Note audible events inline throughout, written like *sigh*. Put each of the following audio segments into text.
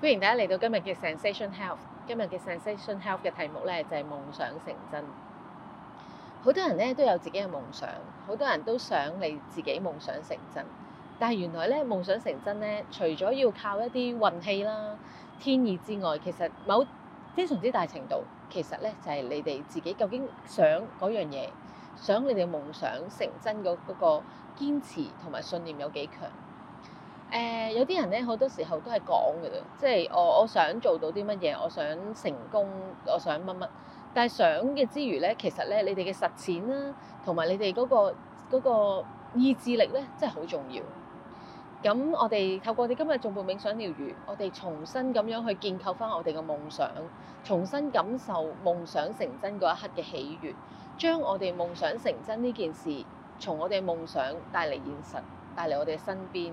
歡迎大家嚟到今日嘅 Sensation Health。今日嘅 Sensation Health 嘅題目咧就係夢想成真。好多人咧都有自己嘅夢想，好多人都想你自己夢想成真。但係原來咧夢想成真咧，除咗要靠一啲運氣啦、天意之外，其實某非常之大程度，其實咧就係你哋自己究竟想嗰樣嘢，想你哋嘅夢想成真嗰個堅持同埋信念有幾強？誒、呃、有啲人咧，好多時候都係講嘅即係我我想做到啲乜嘢，我想成功，我想乜乜。但係想嘅之餘咧，其實咧，你哋嘅實踐啦、啊，同埋你哋嗰、嗰個嗰個意志力咧，真係好重要。咁我哋透過你今日做頌缽冥想療癒，我哋重新咁樣去建構翻我哋嘅夢想，重新感受夢想成真嗰一刻嘅喜悅，將我哋夢想成真呢件事，從我哋嘅夢想帶嚟現實，帶嚟我哋身邊。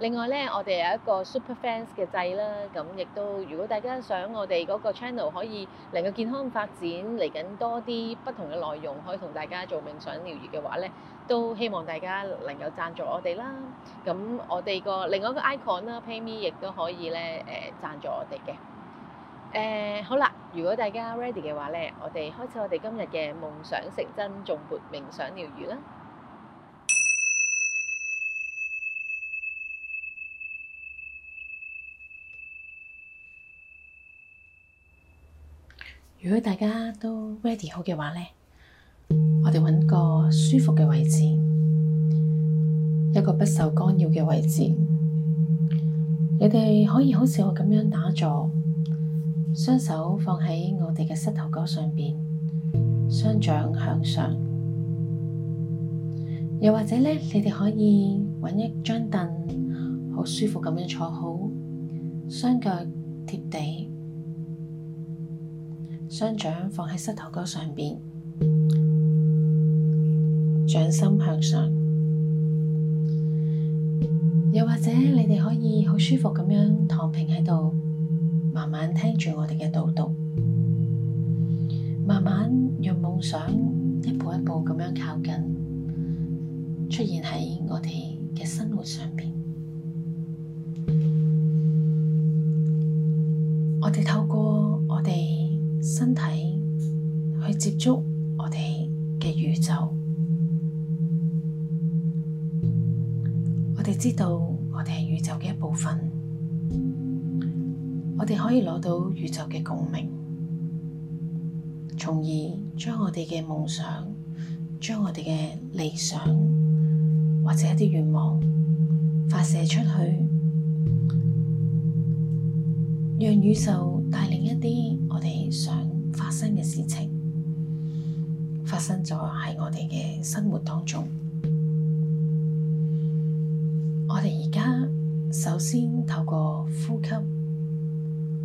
另外咧，我哋有一個 Superfans 嘅掣啦，咁亦都如果大家想我哋嗰個 channel 可以能夠健康發展，嚟緊多啲不同嘅內容，可以同大家做冥想療癒嘅話咧，都希望大家能夠贊助我哋啦。咁我哋個另外一個 icon 啦，PayMe 亦都可以咧，誒贊助我哋嘅。誒、欸、好啦，如果大家 ready 嘅話咧，我哋開始我哋今日嘅夢想成真，頌缽冥想療癒啦。如果大家都 ready 好嘅話咧，我哋揾個舒服嘅位置，一個不受干擾嘅位置。你哋可以好似我咁樣打坐，雙手放喺我哋嘅膝頭哥上邊，雙掌向上。又或者咧，你哋可以揾一張凳，好舒服咁樣坐好，雙腳貼地。雙掌放喺膝頭哥上邊，掌心向上。又或者你哋可以好舒服咁樣躺平喺度，慢慢聽住我哋嘅導讀，慢慢讓夢想一步一步咁樣靠近，出現喺我哋嘅生活上邊。我哋透過我哋。身體去接觸我哋嘅宇宙，我哋知道我哋係宇宙嘅一部分，我哋可以攞到宇宙嘅共鳴，從而將我哋嘅夢想、將我哋嘅理想或者一啲願望發射出去，讓宇宙帶領一啲。我哋想發生嘅事情，發生咗喺我哋嘅生活當中。我哋而家首先透過呼吸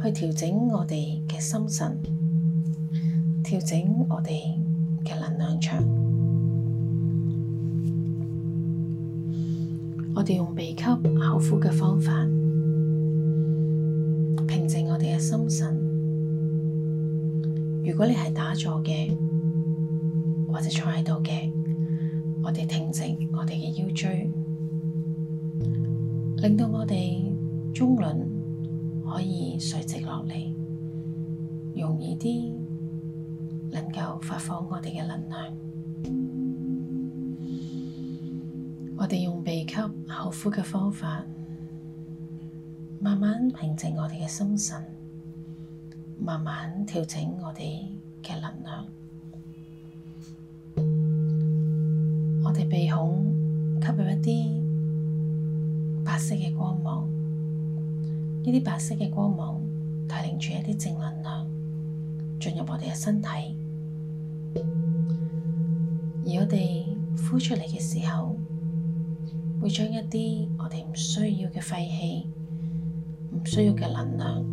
去調整我哋嘅心神，調整我哋嘅能量場。我哋用鼻吸口呼嘅方法，平靜我哋嘅心神。如果你係打坐嘅，或者坐喺度嘅，我哋挺直我哋嘅腰椎，令到我哋中輪可以垂直落嚟，容易啲，能夠發放我哋嘅能量。我哋用鼻吸口呼嘅方法，慢慢平靜我哋嘅心神。慢慢調整我哋嘅能量，我哋鼻孔吸入一啲白色嘅光芒，呢啲白色嘅光芒帶領住一啲正能量進入我哋嘅身體，而我哋呼出嚟嘅時候，會將一啲我哋唔需要嘅廢氣、唔需要嘅能量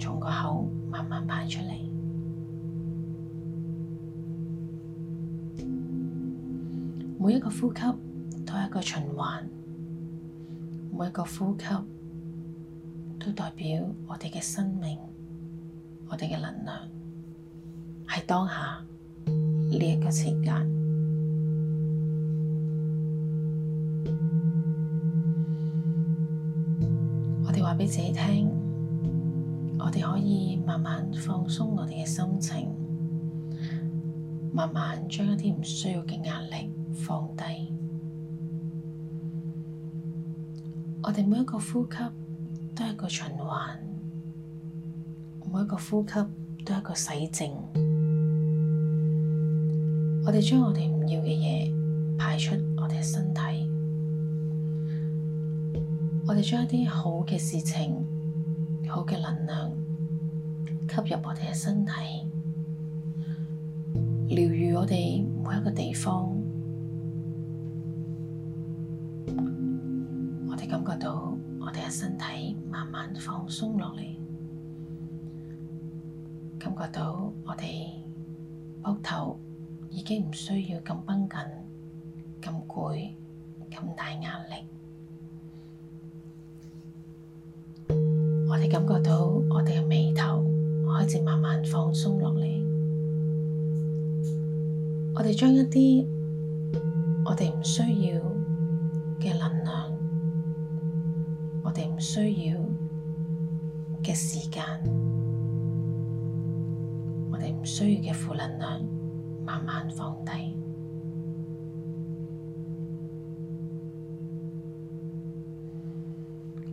從個口。慢慢排出嚟，每一個呼吸都係一個循環，每一個呼吸都代表我哋嘅生命，我哋嘅能量喺當下呢一個時間，我哋話畀自己聽。慢慢放鬆我哋嘅心情，慢慢將一啲唔需要嘅壓力放低。我哋每一個呼吸都係一個循環，每一個呼吸都係一個洗淨。我哋將我哋唔要嘅嘢排出我哋嘅身體，我哋將一啲好嘅事情、好嘅能量，吸入我哋嘅身體，療愈我哋每一個地方。我哋感覺到我哋嘅身體慢慢放鬆落嚟，感覺到我哋膊頭已經唔需要咁繃緊、咁攰、咁大壓力。我哋感覺到我哋嘅眉。先慢慢放鬆落嚟，我哋將一啲我哋唔需要嘅能量，我哋唔需要嘅時間，我哋唔需要嘅負能量，慢慢放低。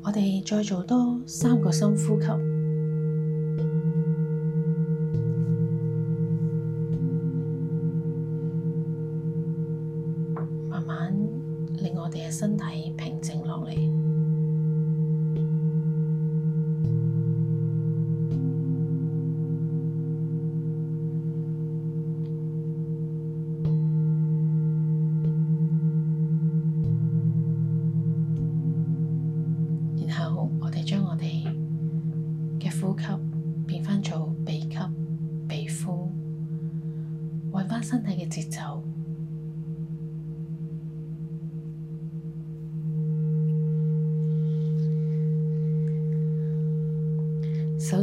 我哋再做多三個深呼吸。令我哋嘅身體平靜落嚟。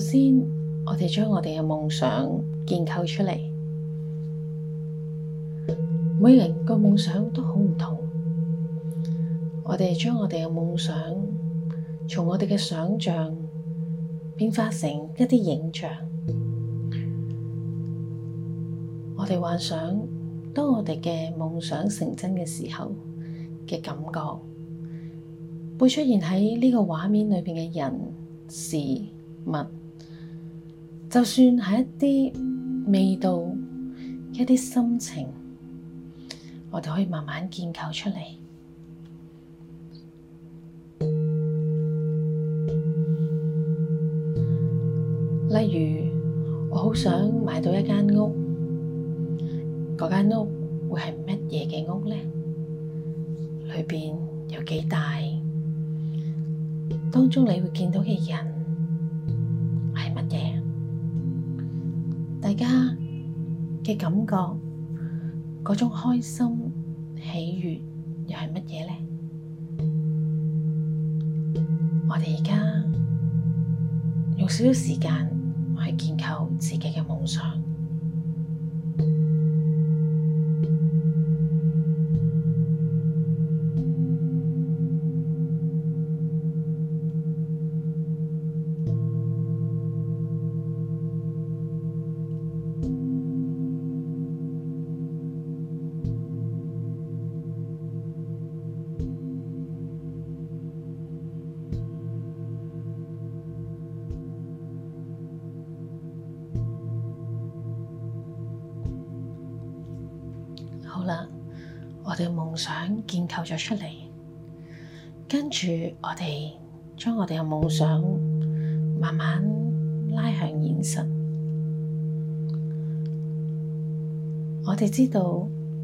先，我哋將我哋嘅夢想建構出嚟。每人個夢想都好唔同。我哋將我哋嘅夢想，從我哋嘅想象，變化成一啲影像。我哋幻想，當我哋嘅夢想成真嘅時候嘅感覺，會出現喺呢個畫面裏邊嘅人事物，就算係一啲味道、一啲心情，我哋可以慢慢建構出嚟。例如，我好想買到一間屋，嗰間屋會係乜嘢嘅屋呢？裏面有幾大？當中你會見到嘅人？嘅感覺，嗰種開心、喜悅，又係乜嘢咧？我哋而家用少少時間，去建構自己嘅夢想。想建構咗出嚟，跟住我哋將我哋嘅夢想慢慢拉向現實。我哋知道，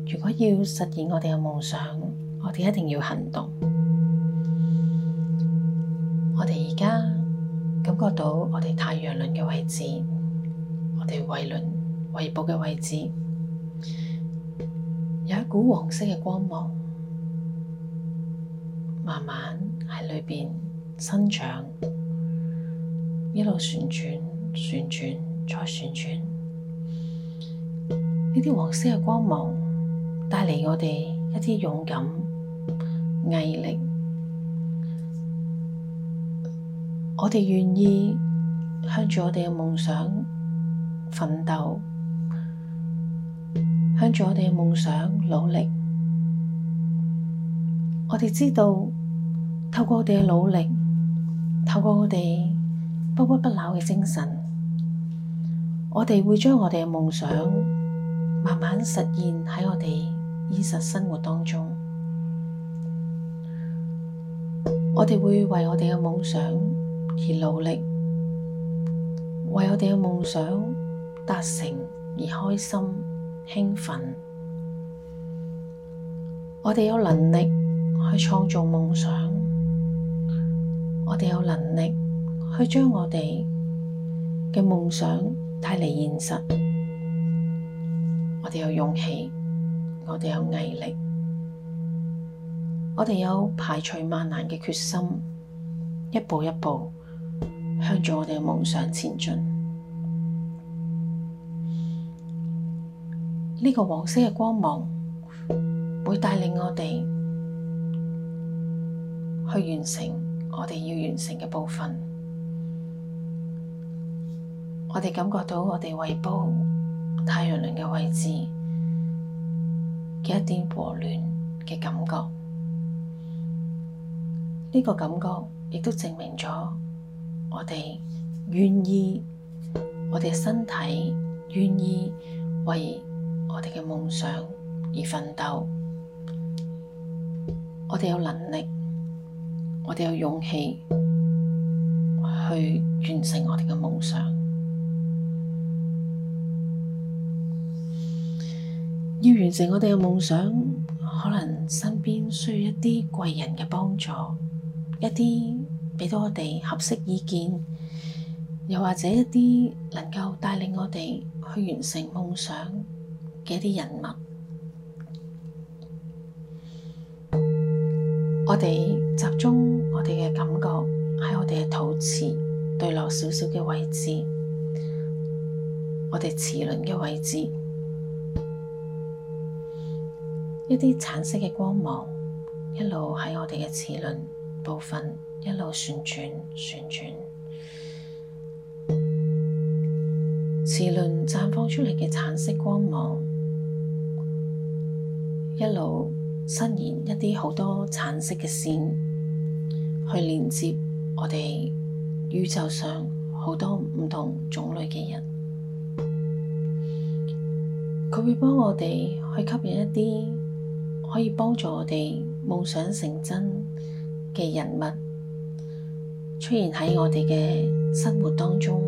如果要實現我哋嘅夢想，我哋一定要行動。我哋而家感覺到我哋太陽輪嘅位置，我哋胃輪、胃部嘅位置。有一股黃色嘅光芒，慢慢喺裏面生長，一路旋轉、旋轉再旋轉。呢啲黃色嘅光芒帶嚟我哋一啲勇敢、毅力，我哋願意向住我哋嘅夢想奮鬥。向住我哋嘅夢想努力，我哋知道，透過我哋嘅努力，透過我哋不屈不撓嘅精神，我哋會將我哋嘅夢想慢慢實現喺我哋現實生活當中。我哋會為我哋嘅夢想而努力，為我哋嘅夢想達成而開心。興奮，我哋有能力去創造夢想，我哋有能力去將我哋嘅夢想帶嚟現實，我哋有勇氣，我哋有毅力，我哋有排除萬難嘅決心，一步一步向住我哋嘅夢想前進。呢個黃色嘅光芒會帶領我哋去完成我哋要完成嘅部分。我哋感覺到我哋胃部、太陽輪嘅位置嘅一點和暖嘅感覺。呢個感覺亦都證明咗我哋願意，我哋身體願意為，我哋嘅夢想而奮鬥，我哋有能力，我哋有勇氣去完成我哋嘅夢想。要完成我哋嘅夢想，可能身邊需要一啲貴人嘅幫助，一啲畀到我哋合適意見，又或者一啲能夠帶領我哋去完成夢想。嘅一啲人物，我哋集中我哋嘅感覺喺我哋嘅肚臍對落少少嘅位置，我哋臍輪嘅位置，一啲橙色嘅光芒一路喺我哋嘅臍輪部分一路旋轉旋轉，臍輪綻放出嚟嘅橙色光芒。一路伸延一啲好多橙色嘅線去連接我哋宇宙上好多唔同種類嘅人，佢會幫我哋去吸引一啲可以幫助我哋夢想成真嘅人物出現喺我哋嘅生活當中。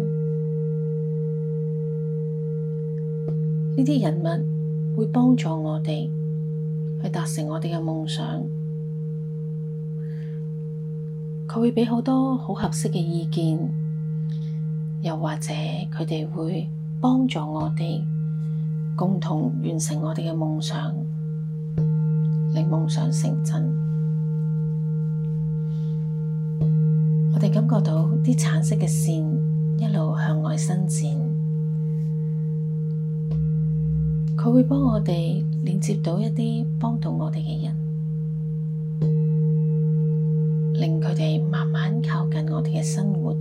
呢啲人物會幫助我哋。去達成我哋嘅夢想，佢會畀好多好合適嘅意見，又或者佢哋會幫助我哋共同完成我哋嘅夢想，令夢想成真。我哋感覺到啲橙色嘅線一路向外伸展，佢會幫我哋。連接到一啲幫到我哋嘅人，令佢哋慢慢靠近我哋嘅生活，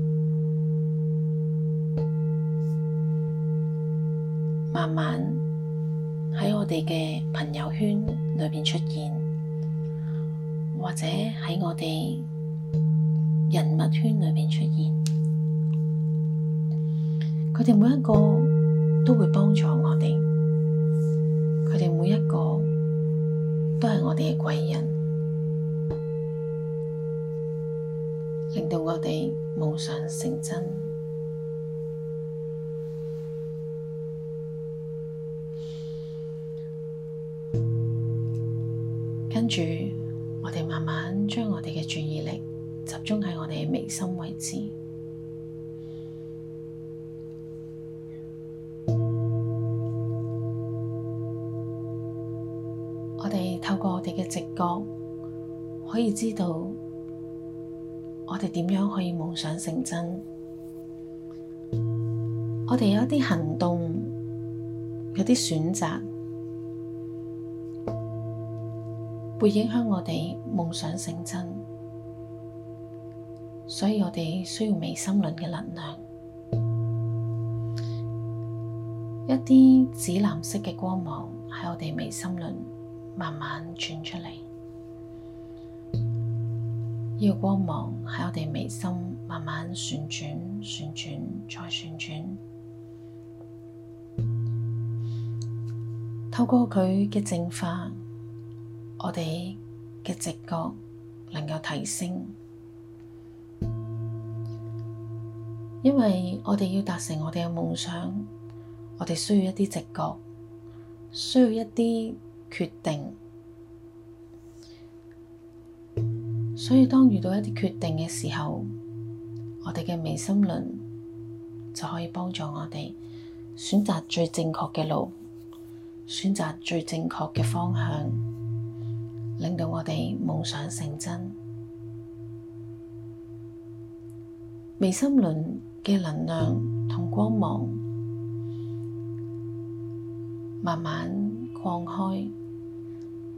慢慢喺我哋嘅朋友圈裏面出現，或者喺我哋人物圈裏面出現，佢哋每一個都會幫助我哋。我哋嘅貴人，令到我哋夢想成真，跟住。可以知道我哋點樣可以夢想成真。我哋有啲行動，有啲選擇，會影響我哋夢想成真。所以我哋需要眉心輪嘅能量，一啲紫藍色嘅光芒喺我哋眉心輪慢慢轉出嚟。呢個光芒喺我哋眉心慢慢旋轉、旋轉、再旋轉，透過佢嘅淨化，我哋嘅直覺能夠提升，因為我哋要達成我哋嘅夢想，我哋需要一啲直覺，需要一啲決定。所以，當遇到一啲決定嘅時候，我哋嘅眉心輪就可以幫助我哋選擇最正確嘅路，選擇最正確嘅方向，令到我哋夢想成真。眉心輪嘅能量同光芒慢慢擴開，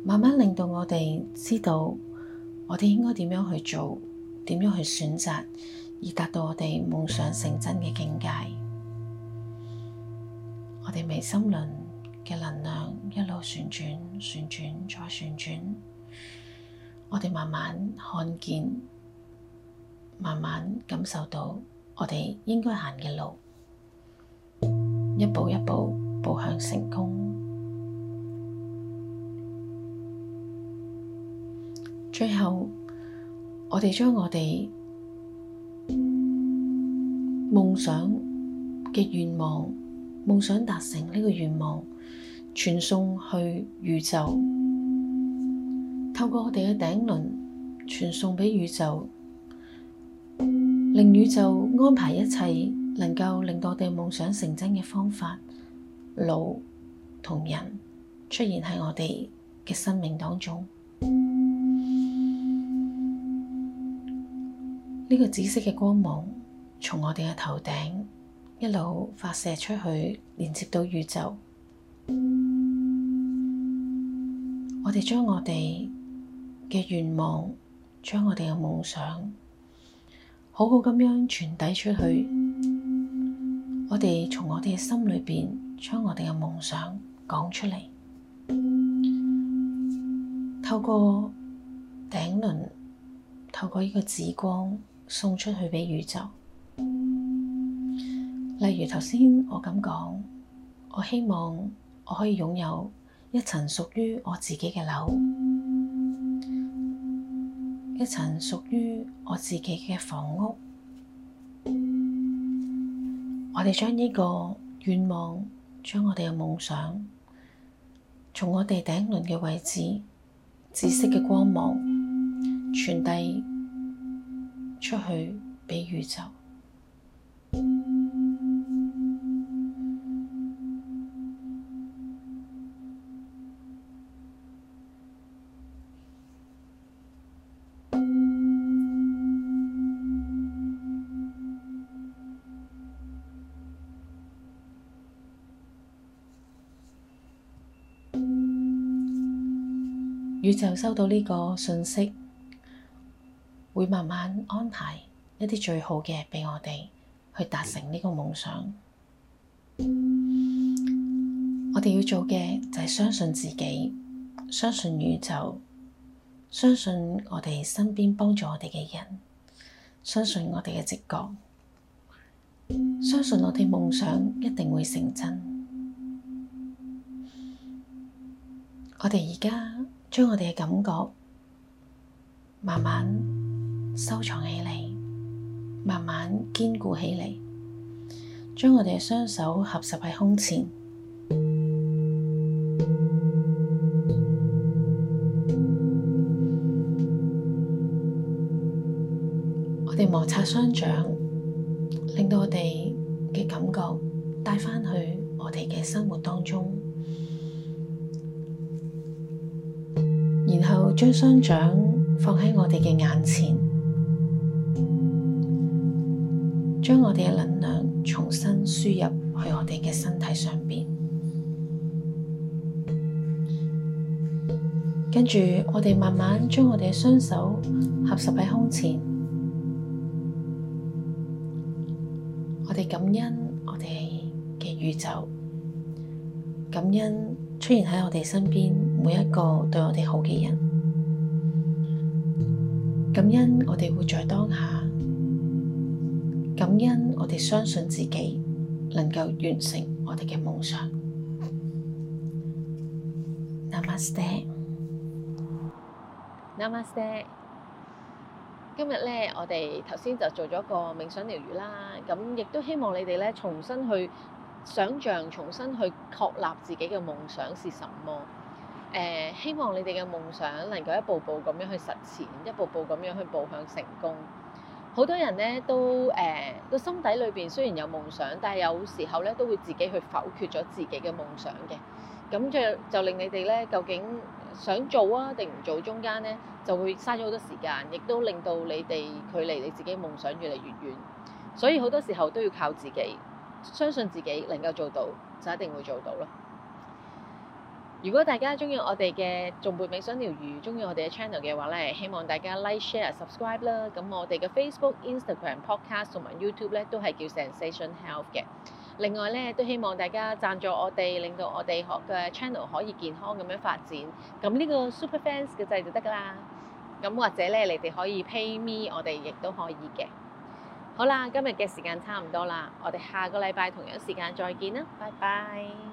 慢慢令到我哋知道。我哋應該點樣去做？點樣去選擇？以達到我哋夢想成真嘅境界？我哋眉心輪嘅能量一路旋轉、旋轉再旋轉，我哋慢慢看見，慢慢感受到我哋應該行嘅路，一步一步步向成功。最後，我哋將我哋夢想嘅願望、夢想達成呢個願望，傳送去宇宙，透過我哋嘅頂輪傳送畀宇宙，令宇宙安排一切，能夠令到我哋夢想成真嘅方法、路同人出現喺我哋嘅生命當中。呢個紫色嘅光芒從我哋嘅頭頂一路發射出去，連接到宇宙。 *noise* 我哋將我哋嘅願望，將我哋嘅夢想，好好咁樣傳遞出去。我哋從我哋嘅心裏邊將我哋嘅夢想講出嚟，透過頂輪，透過呢個紫光。送出去畀宇宙，例如頭先我咁講，我希望我可以擁有一層屬於我自己嘅樓，一層屬於我自己嘅房屋。我哋將呢個願望，將我哋嘅夢想，從我哋頂輪嘅位置，紫色嘅光芒傳遞。出去畀宇宙，宇宙收到呢個信息。會慢慢安排一啲最好嘅畀我哋去達成呢個夢想。我哋要做嘅就係相信自己，相信宇宙，相信我哋身邊幫助我哋嘅人，相信我哋嘅直覺，相信我哋夢想一定會成真。我哋而家將我哋嘅感覺慢慢，收藏起嚟，慢慢堅固起嚟。將我哋嘅雙手合十喺胸前， *noise* 我哋摩擦雙掌，令到我哋嘅感覺帶翻去我哋嘅生活當中。然後將雙掌放喺我哋嘅眼前。將我哋嘅能量重新輸入去我哋嘅身體上邊，跟住我哋慢慢將我哋嘅雙手合十喺胸前，我哋感恩我哋嘅宇宙，感恩出現喺我哋身邊每一個對我哋好嘅人，感恩我哋活在當下。感恩，我哋相信自己能夠完成我哋嘅夢想。Namaste，Namaste。今日咧，我哋頭先就做咗個冥想療癒啦，咁亦都希望你哋咧重新去想象，重新去確立自己嘅夢想是什麼。誒、呃，希望你哋嘅夢想能夠一步步咁樣去實踐，一步步咁樣去步向成功。好多人咧，都誒個、呃、心底裏面雖然有夢想，但係有時候咧都會自己去否決咗自己嘅夢想嘅。咁就就令你哋咧究竟想做啊定唔做，中間咧，就會嘥咗好多時間，亦都令到你哋距離你自己夢想越嚟越遠。所以好多時候都要靠自己，相信自己能夠做到，就一定會做到咯。如果大家中意我哋嘅頌缽冥想療癒，中意我哋嘅 channel 嘅話咧，希望大家 like、share、subscribe 啦。咁我哋嘅 Facebook、Instagram、Podcast 同埋 YouTube 咧都係叫 Zensation Health 嘅。另外咧都希望大家贊助我哋，令到我哋個嘅 channel 可以健康咁樣發展。咁呢個 super fans 嘅掣就得㗎喇。咁或者咧你哋可以 pay me，我哋亦都可以嘅。好啦，今日嘅時間差唔多啦，我哋下個禮拜同樣時間再見啦，拜拜。